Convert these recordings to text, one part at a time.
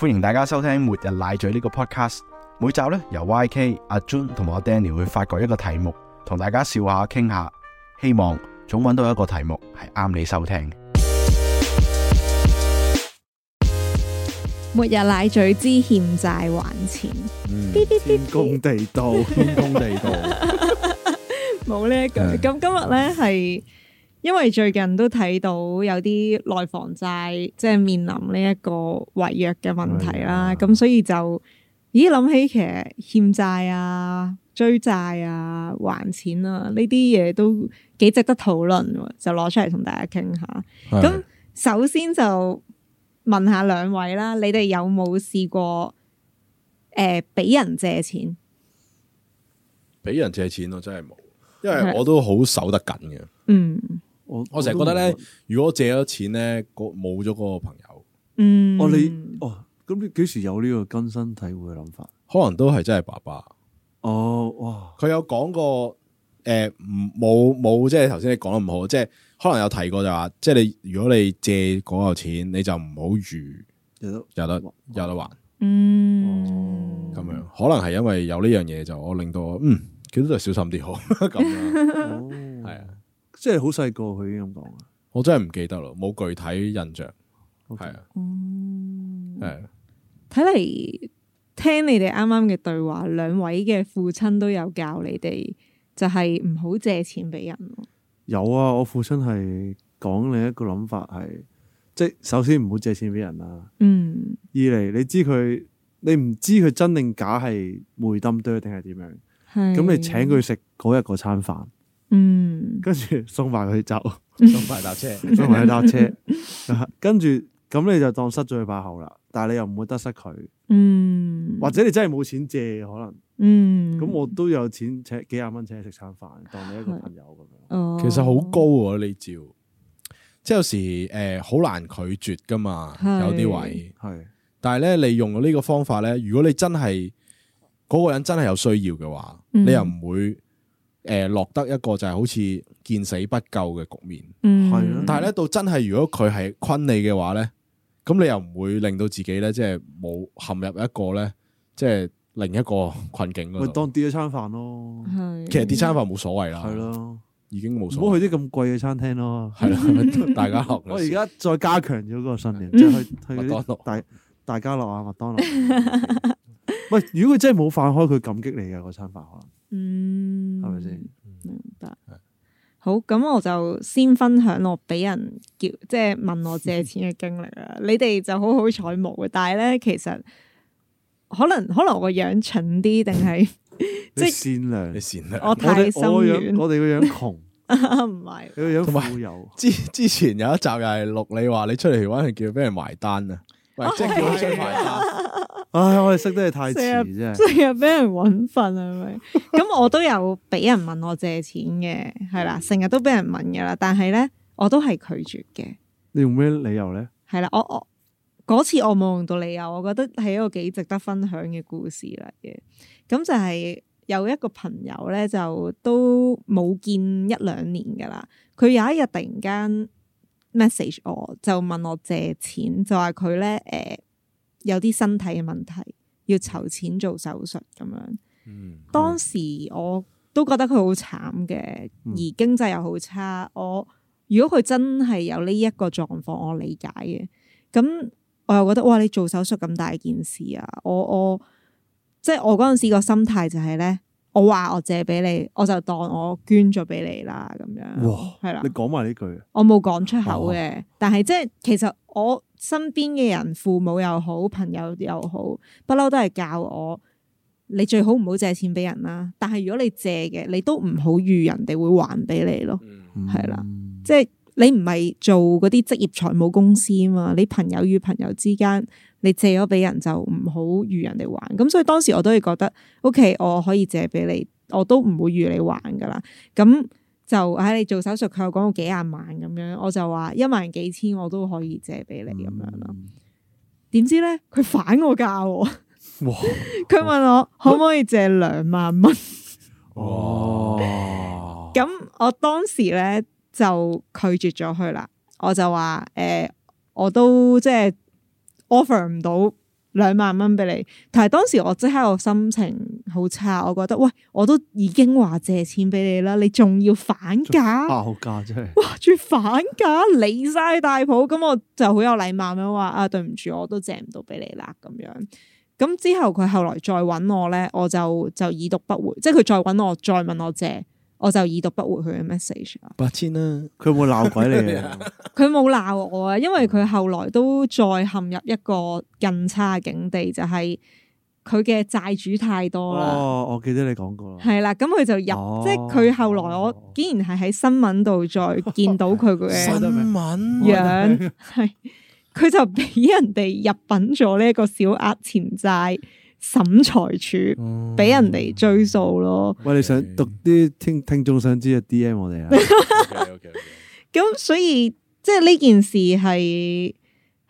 歡迎大家收聽《末日奶嘴》呢個 podcast，每集咧由 YK 阿 June 同埋我阿 Danny 會發掘一個題目，同大家笑下傾下，希望總揾到一個題目係啱你收聽。末日奶嘴之欠債還錢，天公地道，天公地道，冇呢一句。咁今日咧係。因為最近都睇到有啲內房債即係面臨呢一個違約嘅問題啦，咁、哎、呀所以就咦諗起其實欠債啊、追債啊、還錢啊呢啲嘢都幾值得討論，就攞出嚟同大家傾下。咁的首先就問下兩位啦，你哋有冇試過誒俾、呃、人借錢？俾人借錢我真係冇，因為我都好守得緊嘅。嗯。我成日覺得咧，如果借咗錢咧，冇咗嗰個朋友，嗯，哦你哦，咁你幾、哦、時有呢個更新體會嘅諗法？可能都係真係爸爸哦，哇！佢有講過，誒、呃，唔冇冇，即係頭先你講得唔好，即、就、係、是、可能有提過就話，即係你如果你借嗰個錢，你就唔好預，有得有得還，嗯，咁樣可能係因為有呢樣嘢就我令到嗯，其實都係小心啲好咁樣子，係啊、哦。即係好細個，佢已經咁講啊！我真係唔記得咯，冇具體印象。係啊，誒，睇嚟聽你哋啱啱嘅對話，兩位嘅父親都有教你哋，就係唔好借錢俾人。有啊，我父親係講你一個諗法，係即係首先唔好借錢俾人啊。嗯。二嚟你知佢，你唔知佢真定假係梅登堆定係點樣，咁你請佢食嗰一個餐飯。嗯，跟住送埋佢走， 送埋搭車，送埋搭車，跟住咁你就當失咗佢把口啦。但係你又唔會得失佢，嗯，或者你真係冇錢借可能，嗯，咁我都有錢請幾廿蚊請你食餐飯，當你一個朋友咁樣。哦、其實好高喎、啊，你照，即係有時誒好、呃、難拒絕噶嘛，有啲位係。但係咧，你用呢個方法咧，如果你真係嗰、嗰個人真係有需要嘅話，你又唔會。誒，落得一個就係好似見死不救嘅局面。係啊、嗯。但係咧，到真係如果佢係坤你嘅話咧，咁你又唔會令到自己咧，即係冇陷入一個咧，即係另一個困境。咪當跌一餐飯咯。其實啲餐飯冇所謂啦。係的咯，已經冇所謂。唔好去啲咁貴嘅餐廳咯。係大家樂。我而家再加強咗嗰個信念，即係 蛛去去啲大大家樂呀麥當勞。喂， 如果佢真係冇飯開，佢感激你嘅嗰餐飯可能。嗯。係咪先？明白。好，咁我就先分享我俾人叫，即係問我借錢嘅經歷啦。你哋就好好彩冇嘅，但係咧，其實可能可能我個樣蠢啲，定係即係善良，你善良。我太心軟，我哋個樣窮，唔係， 吧你個樣富有。之之前有一集又係錄你話你，你出嚟玩係叫俾人埋單啊，喂，即係叫埋單。唉，我哋識得你太遲啫，成日俾人搵訓係咪？咁 我都有俾人問我借錢嘅，係啦，成日都俾人問噶啦，但係咧，我都係拒絕嘅。你用咩理由咧？係啦，我我嗰次我冇用到理由，我覺得係一個幾值得分享嘅故事嚟嘅。咁就係有一個朋友咧，就都冇見一兩年噶啦，佢有一日突然間 message 我就問我借錢，就話佢咧誒。呃有啲身體嘅問題，要籌錢做手術咁樣。嗯、當時我都覺得佢好慘嘅，嗯、而經濟又好差。我如果佢真係有呢一個狀況，我理解嘅。咁我又覺得哇，你做手術咁大件事啊！我我即係我嗰陣時個心態就係、是、咧，我話我借俾你，我就當我捐咗俾你啦咁樣。係哇啦，你講埋呢句，我冇講出口嘅。哦、但係即係其實我。身邊嘅人，父母又好，朋友又好，不嬲都係教我，你最好唔好借錢俾人啦。但係如果你借嘅，你都唔好預人哋會還俾你咯。係啦，嗯、即係你唔係做嗰啲職業財務公司啊嘛。你朋友與朋友之間，你借咗俾人就唔好預人哋還。咁所以當時我都係覺得，OK，我可以借俾你，我都唔會預你還噶啦。咁。就喺你做手術，佢又講到幾廿萬咁樣，我就話一萬幾千我都可以借俾你咁樣咯。點知咧，佢反我價， 哇！佢 問我哇可唔可以借兩萬蚊？哦 哇，咁 我當時咧就拒絕咗佢啦。我就話誒、呃，我都即係 offer 唔到。兩萬蚊俾你，但係當時我即刻我心情好差，我覺得喂，我都已經話借錢俾你啦，你仲要反價？爆哇，好假真係！哇，仲要反價，離晒大譜，咁我就好有禮貌咁話啊，對唔住，我都借唔到俾你啦，咁樣。咁之後佢後來再揾我咧，我就就已讀不回，即係佢再揾我，再問我借。我就已讀不回佢嘅 message。八千啦，佢會鬧鬼你？佢冇鬧我啊，因為佢後來都再陷入一個更差境地，就係佢嘅債主太多啦。哦，我記得你講過。係啦，咁佢就入，哦、即係佢後來我竟然係喺新聞度再見到佢嘅新樣，係佢就俾人哋入禀咗呢一個小額錢債審裁處俾人哋追數咯。喂，你想讀啲聽聽眾想知嘅 D M 我哋啊。咁 所以即係呢件事係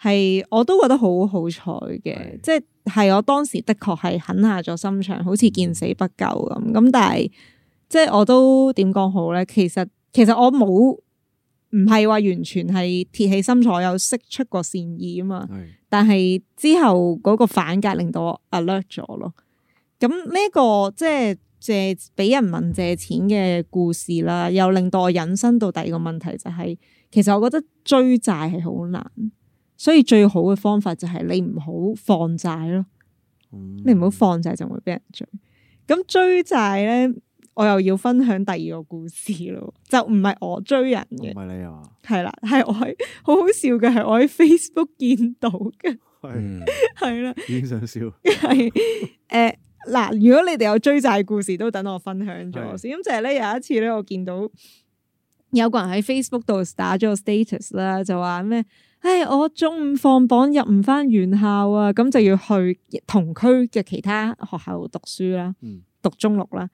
係我都覺得好好彩嘅，是即係係我當時的確係狠下咗心腸，好似見死不救咁。咁、嗯、但係即係我都點講好咧？其實其實我冇。唔係話完全係鐵起心腸有釋出過善意啊嘛，是但係之後嗰個反價令到我 alert 咗咯。咁呢、這個即係、就是、借俾人問借錢嘅故事啦，又令到我引申到第二個問題就係、是，其實我覺得追債係好難，所以最好嘅方法就係你唔好放債咯，嗯、你唔好放債就會俾人追。咁追債咧。我又要分享第二個故事咯，就唔係我追人嘅，唔係你啊，係啦，係我喺好好笑嘅，係我喺 Facebook 見到嘅，係啦、嗯， 的已經想笑，係誒嗱，如果你哋有追債故事，都等我分享咗先。咁的就係咧，有一次咧，我見到有個人喺 Facebook 度打咗個 status 啦，就話咩？唉，我中五放榜入唔翻原校啊，咁就要去同區嘅其他學校讀書啦，讀中六啦。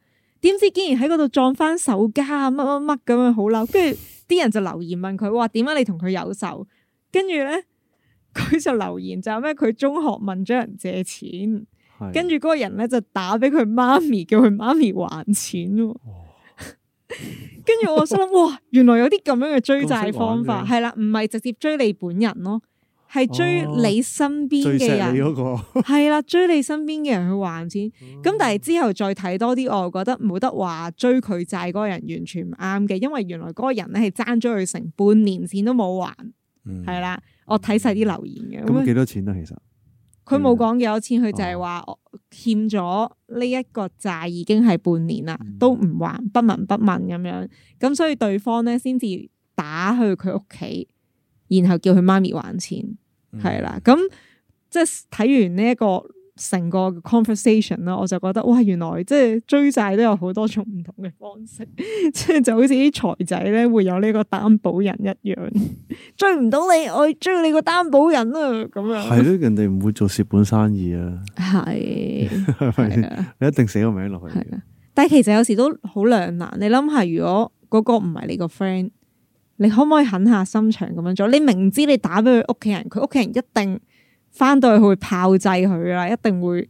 點知竟然喺嗰度撞翻手家什麼什麼，乜乜乜咁樣，好嬲。跟住啲人就留言問佢：哇，點解你同佢有仇？跟住咧，佢就留言就係咩？佢中學問咗人借錢，跟住嗰個人咧就打俾佢媽咪，叫佢媽咪還錢。跟住哇 我心諗， 哇，原來有啲咁樣嘅追債方法，係啦，唔係直接追你本人咯。係追你身邊嘅人，追上、哦嗰個係啦， 追你身邊嘅人去還錢。咁、哦、但係之後再睇多啲，我又覺得冇得話追佢債嗰個人完全唔啱嘅，因為原來嗰個人咧係爭咗佢成半年錢都冇還，係啦、嗯，我睇晒啲留言嘅。咁幾、嗯、多錢啊？其實佢冇講幾多錢，佢就係話欠咗呢一個債已經係半年啦，嗯、都唔還不聞不問咁樣。咁所以對方咧先至打去佢屋企，然後叫佢媽咪還錢。係啦，咁即係睇完呢一個成個嘅 conversation 啦，我就覺得哇，原來即係追債都有好多種唔同嘅方式，即 係就好似啲財仔咧會有呢個擔保人一樣，追唔到你，我追你個擔保人啊，咁樣。係咯，人哋唔會做蝕本生意啊。係，你一定寫個名落去。係啊，但係其實有時都好兩難。你諗下，如果嗰個唔係你個 friend。你可唔可以狠下心腸咁樣做？你明知你打俾佢屋企人，佢屋企人一定翻到去炮製佢啦，一定會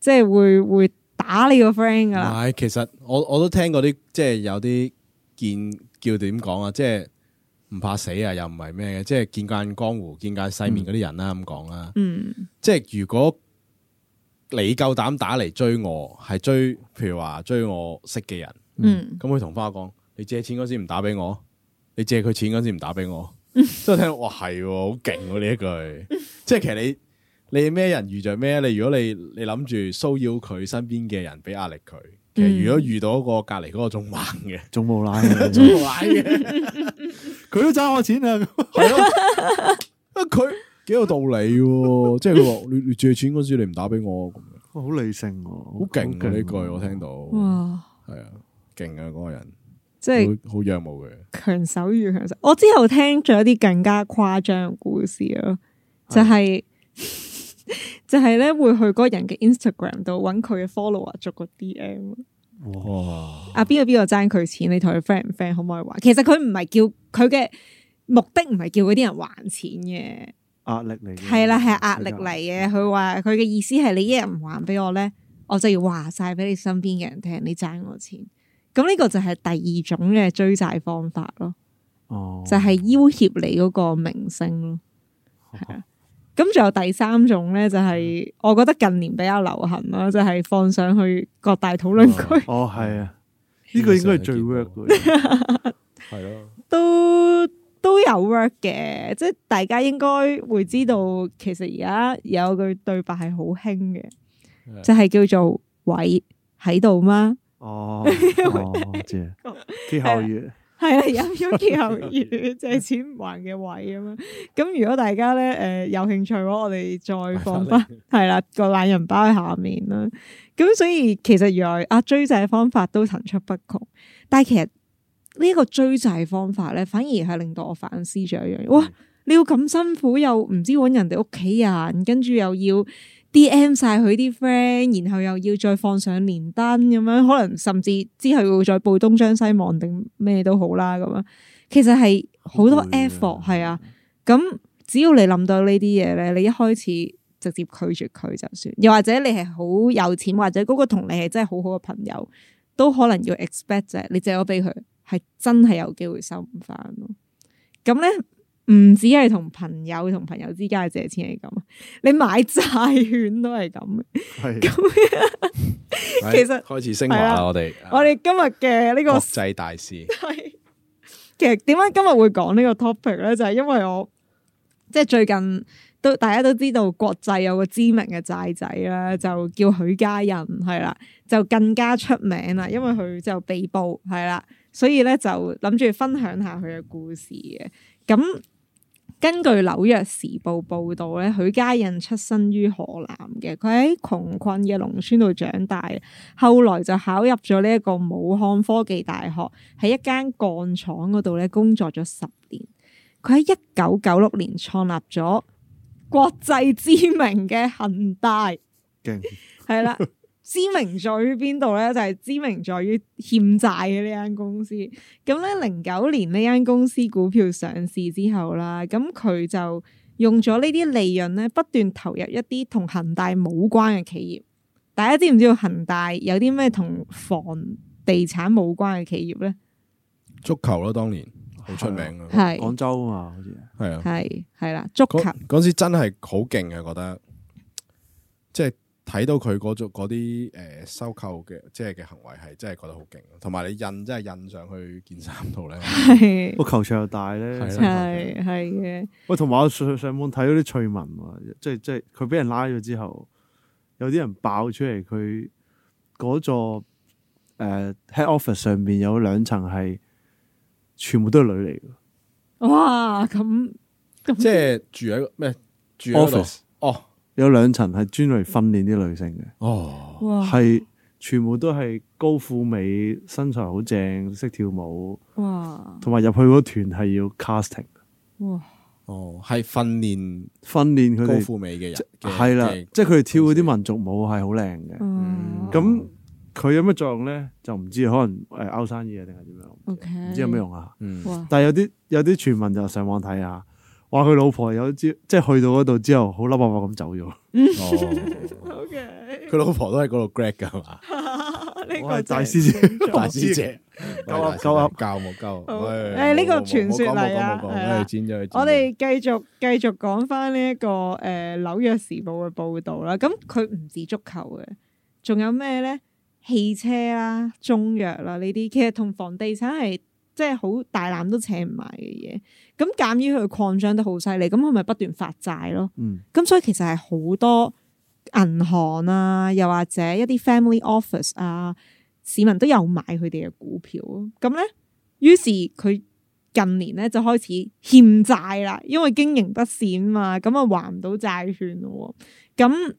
即係會會打你個 friend 噶啦。係，其實我我都聽過啲即係有啲見叫點講啊，即係唔怕死啊，又唔係咩嘅，即係見慣江湖、見慣世面嗰啲人啦、啊，咁講啦。嗯，即係如果你夠膽打嚟追我，係追譬如話追我識嘅人，嗯，咁佢同花講，你借錢嗰時唔打俾我。你借佢錢嗰時唔打俾我，真係聽到哇，係好勁呢一句。即係其實你你咩人遇着咩？你如果你你諗住騷擾佢身邊嘅人俾壓力佢，其實如果遇到一個隔籬嗰個仲猛嘅，仲冇賴嘅，仲無賴嘅，佢都爭我錢啊！係啊， 佢幾有道理。即係佢話你你借錢嗰時你唔打俾我，咁好、嗯嗯、理性，好勁嘅呢句我聽到。哇，係啊， 勁啊嗰個人。即係好仰慕嘅，強手遇強手。我之後聽咗啲更加誇張嘅故事咯，就係、是、是的 就係咧會去嗰個人嘅 Instagram 度揾佢嘅 follower 做個 D M 哇、啊。哇！阿邊個邊個爭佢錢？你同佢 friend 唔 friend？可唔可以話？其實佢唔係叫，佢嘅目的唔係叫嗰啲人還錢嘅壓力嚟，係啦，係壓力嚟嘅。佢話佢嘅意思係你一日唔還俾我咧，我就要話晒俾你身邊嘅人聽，你爭我錢。咁呢個就係第二種嘅追債方法咯，哦、就係要挾你嗰個明星咯，係啊、哦。咁仲有第三種咧，就係我覺得近年比較流行咯，就係、是、放上去各大討論區。哦，係啊，呢、這個應該係最 work 嘅，係咯， 都都有 work 嘅，即係大家應該會知道，其實而家有句對白係好興嘅，的就係叫做“喂，喺度嗎？” 哦，借歇後語，係啦 後月，有咗歇後語， 啊啊、 借錢唔還嘅位咁樣。咁 如果大家咧，誒有興趣嘅話，我哋再放翻係啦個懶人包喺下面啦。咁、 嗯、所以其實原來啊追債方法都層出不窮，但係其實呢個追債方法咧，反而係令到我反思咗一樣嘢，嗯、哇！你要咁辛苦又唔知搵人哋屋企人，跟住又要。D.M. 晒佢啲 friend，然後又要再放上連登咁樣，可能甚至之後會再報東張西望定咩都好啦咁樣。其實係好多 effort 係啊，咁只要你諗到呢啲嘢咧，你一開始直接拒絕佢就算。又或者你係好有錢，或者嗰個同你係真係好好嘅朋友，都可能要 expect 啫。你借咗俾佢，係真係有機會收唔返咯。咁咧。唔止係同朋友同朋友之間借錢係咁，你買債券都係咁。係的，咁 其實，哎、開始升華啦，的我哋我哋今日嘅呢個國際大事。係，其實點解今日會講呢個 topic 咧？就係，是、因為我即係，就是、最近都大家都知道國際有個知名嘅債仔啦，就叫許家印係啦，就更加出名啦。因為佢就被捕係啦，所以咧就諗住分享下佢嘅故事嘅咁。根據紐約時報報道咧，許家印出身於河南嘅，佢喺窮困嘅農村度長大，後來就考入咗呢一個武漢科技大學，喺一間鋼廠嗰度咧工作咗十年，佢喺一九九六年創立咗國際知名嘅恒大，驚怕，係啦。 知名在於邊度呢？就係、是、知名在於欠債嘅呢間公司。咁咧，零九年呢間公司股票上市之後啦，咁佢就用咗呢啲利潤咧，不斷投入一啲同恒大冇關嘅企業。大家知唔知道恒大有啲咩同房地產冇關嘅企業呢？足球啦、啊，當年好出名嘅，係廣州啊嘛，好似係啊，係係啦，足球嗰陣時真係好勁啊，覺得即係。就是睇到佢嗰種嗰啲誒收購嘅，即係嘅行為係真係覺得好勁，同埋你印真係印上去件衫度咧，個 球場又大咧，係係嘅。喂，同埋我上上網睇到啲趣聞喎，即係即係佢俾人拉咗之後，有啲人爆出嚟，佢嗰座誒 head office 上邊有兩層係全部都係女嚟嘅。哇！咁即係住喺咩住喺 office？哦？Oh, 有兩層係專嚟訓練啲女性嘅，係全部都係高富美，身材好正，識跳舞，同埋入去嗰團係要 casting。哇！哦，係訓練訓練佢高富美嘅人，係啦，即係佢哋跳嗰啲民族舞係好靚嘅。咁佢有咩作用咧？就唔知，可能誒拗生意定係點樣？唔知有咩用啊？但係有啲有啲傳聞就上網睇下。話佢老婆有之，即係去到嗰度之後，好冧冧咁走咗。嗯，好。佢老婆都喺嗰度 grad 噶嘛？呢，大師姐，大師姐，夠啦夠教冇教？誒，呢個傳說嚟啊！我哋繼續繼續講翻呢一個誒《紐約時報》嘅報道啦。咁佢唔止足球嘅，仲有咩咧？汽車啦、中藥啦呢啲，其實同房地產係。即係好大膽都請唔埋嘅嘢，咁鑒於佢擴張得好犀利，咁佢咪不斷發債咯。咁、嗯、所以其實係好多銀行啊，又或者一啲 family office 啊，市民都有買佢哋嘅股票咯。咁咧，於是佢近年咧就開始欠債啦，因為經營不善啊嘛，咁啊還唔到債券咯。咁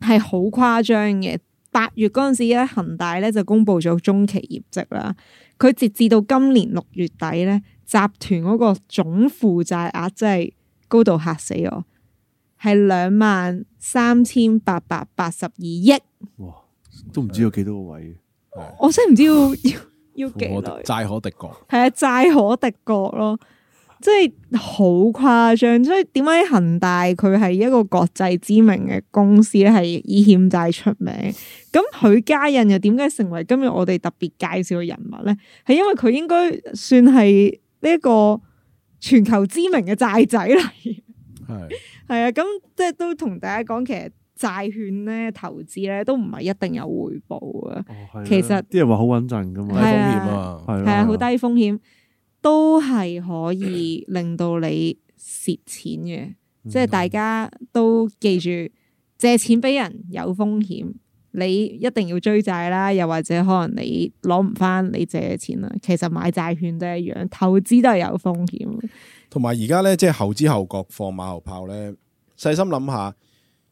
係好誇張嘅。八月嗰陣時咧，恒大咧就公布咗中期業績啦。佢直至到今年六月底呢，集團嗰個總負債額真係高到嚇死我，係兩萬三千八百八十二億。哇！都唔知有幾多個位，我真係唔知要的要幾耐。債可敵國係啊，債可敵國咯。即係好誇張，所以點解恒大佢係一個國際知名嘅公司咧，係以欠債出名。咁許家印又點解成為今日我哋特別介紹嘅人物咧？係因為佢應該算係呢一個全球知名嘅債仔喇。係係啊，咁即係都同大家講，其實債券咧，投資咧都唔係一定有回報啊。哦、其實啲人話好穩陣噶嘛，係風險啊，係啊，好低風險。的都係可以令到你蝕錢嘅，嗯、即係大家都記住借錢俾人有風險，你一定要追債啦，又或者可能你攞唔翻你借嘅錢啦。其實買債券都一樣，投資都係有風險。同埋而家呢，即係後知後覺放馬後炮呢，細心諗下，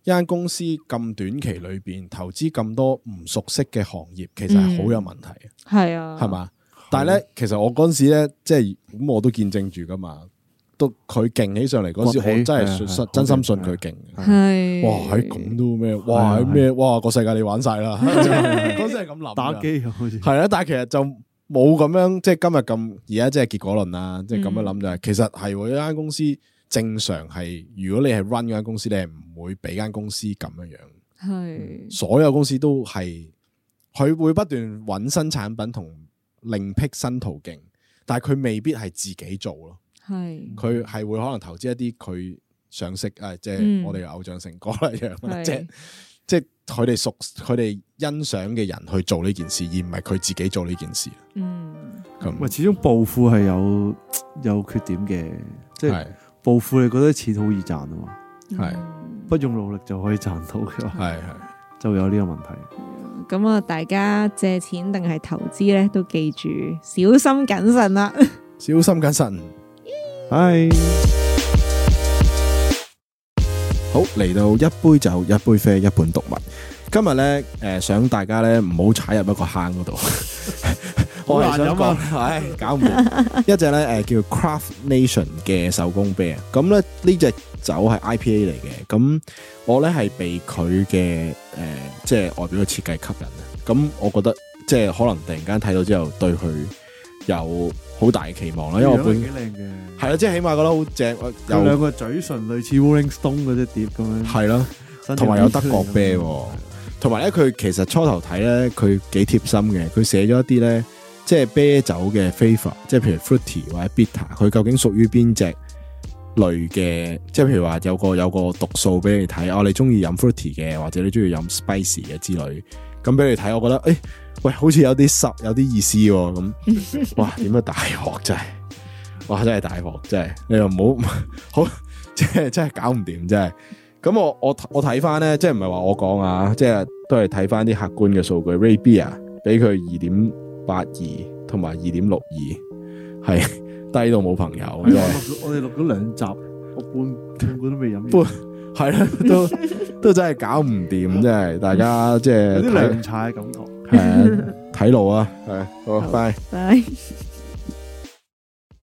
一間公司咁短期裏邊投資咁多唔熟悉嘅行業，其實係好有問題嘅。係、嗯、啊，係嘛？但係呢，其實我嗰陣時呢，即係咁，我都見證住㗎嘛。都佢勁起上嚟嗰時，我真係信，真心信佢勁。係哇，喺咁都咩？哇，咩？哇，個世界你玩晒啦！嗰時係咁諗打機，好似係啦。但係其實就冇咁樣，即係今日咁而家，即係結果論啦。即係咁樣諗就係其實係喎。一間公司正常係，如果你係 run 嗰間公司，你係唔會俾間公司咁樣樣。係所有公司都係佢會不斷揾新產品同。另闢新途徑，但係佢未必係自己做咯，係佢係會可能投資一啲佢想識誒，嗯、即係我哋嘅偶像成哥嚟樣，是即係即係佢哋熟佢哋欣賞嘅人去做呢件事，而唔係佢自己做呢件事。嗯，咁樣，喂，始終暴富係有有缺點嘅，即係暴富你覺得錢好易賺啊嘛？係是是不用努力就可以賺到嘅，係係就會有呢個問題。咁啊，大家借錢定係投資呢，都記住小心謹慎啦。小心謹慎，慎，係 Bye 好嚟到一杯酒、一杯啡，一本獨物。今日呢，誒、呃，想大家呢，唔好踩入一個坑嗰度。 我係想講，係、 哎、搞唔掂。 一隻咧，誒，叫 Craft Nation 嘅手工啤啊。咁咧，呢隻酒係 IPA 嚟嘅。咁我咧係被佢嘅，誒、呃，即係外表嘅設計吸引啊。咁我覺得，即係可能突然間睇到之後，對佢有好大嘅期望啦。因為我本幾靚嘅，係啦，即係、啊、起碼覺得好正。有兩個嘴唇類似 Rolling Stone 嗰隻碟咁樣。係咯，同埋有德國啤。同埋咧，佢其實初頭睇咧，佢幾貼心嘅。佢寫咗一啲咧。即係啤酒嘅 favor，即係譬如 fruity 或者 bitter，佢究竟屬於邊隻類嘅？即係譬如話有個有個毒素俾你睇，哦，你中意飲 fruity 嘅，或者你中意飲 spicy 嘅之類咁俾你睇。我覺得誒、哎，喂，好似有啲濕，有啲意思咁、哦。哇，點啊？大鑊真係哇，真係大鑊真係你又唔好好，即 係真係搞唔掂，真係咁。我我我睇翻咧，即係唔係話我講啊，即係都係睇翻啲客觀嘅數據。Rabia 俾佢二點。八二同埋二點六二，係 低到冇朋友。我哋錄咗兩集，我半半半都未飲半係啦，都都真係搞唔掂，真係 大家即係有啲涼茶嘅感覺。係 睇、 嗯、路啊，係 好，拜拜好。Bye